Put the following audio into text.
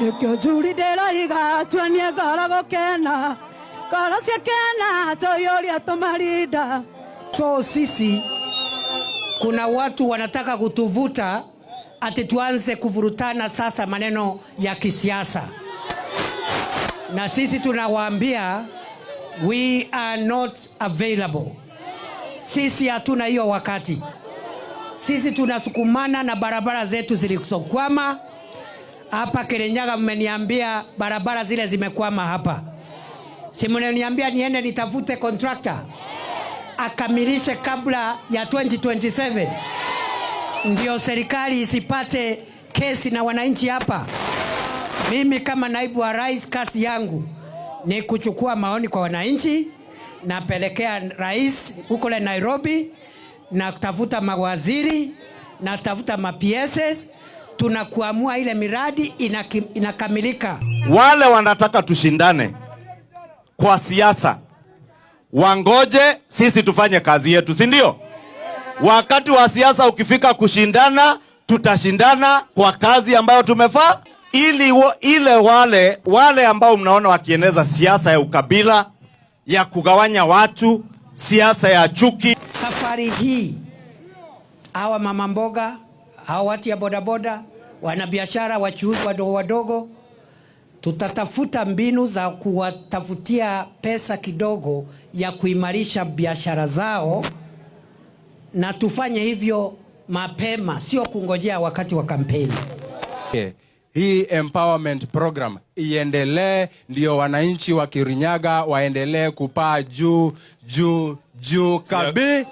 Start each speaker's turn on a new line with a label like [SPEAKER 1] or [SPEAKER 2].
[SPEAKER 1] gäkäjurithä ra igatuanie ngarago kena ngoro cia kena toyåria tåmarinda
[SPEAKER 2] so sisi kuna watu wanataka kutuvuta ati tuanze kuvurutana sasa maneno ya kisiasa na sisi tunawaambia we are not available sisi hatuna hiyo wakati sisi tunasukumana na barabara zetu zilizokwama hapa Kirinyaga mmeniambia barabara zile zimekwama hapa, si mnaniambia niende nitafute contractor akamilishe kabla ya 2027 ndio serikali isipate kesi na wananchi hapa. Mimi kama naibu wa rais, kazi yangu ni kuchukua maoni kwa wananchi, napelekea rais huko le Nairobi, natafuta mawaziri, natafuta ma tunakuamua ile miradi inakamilika.
[SPEAKER 3] Wale wanataka tushindane kwa siasa wangoje sisi tufanye kazi yetu, si ndio? Wakati wa siasa ukifika kushindana, tutashindana kwa kazi ambayo tumefaa ili ile wale wale ambao mnaona wakieneza siasa ya ukabila ya kugawanya watu, siasa ya chuki.
[SPEAKER 2] Safari hii hawa mama mboga hao watu ya bodaboda, wanabiashara, wachuuzi wadogo wadogo, tutatafuta mbinu za kuwatafutia pesa kidogo ya kuimarisha biashara zao, na tufanye hivyo mapema, sio kungojea wakati wa kampeni.
[SPEAKER 4] Okay. Hii empowerment program iendelee, ndio wananchi wa Kirinyaga waendelee kupaa juu juu juu kabisa.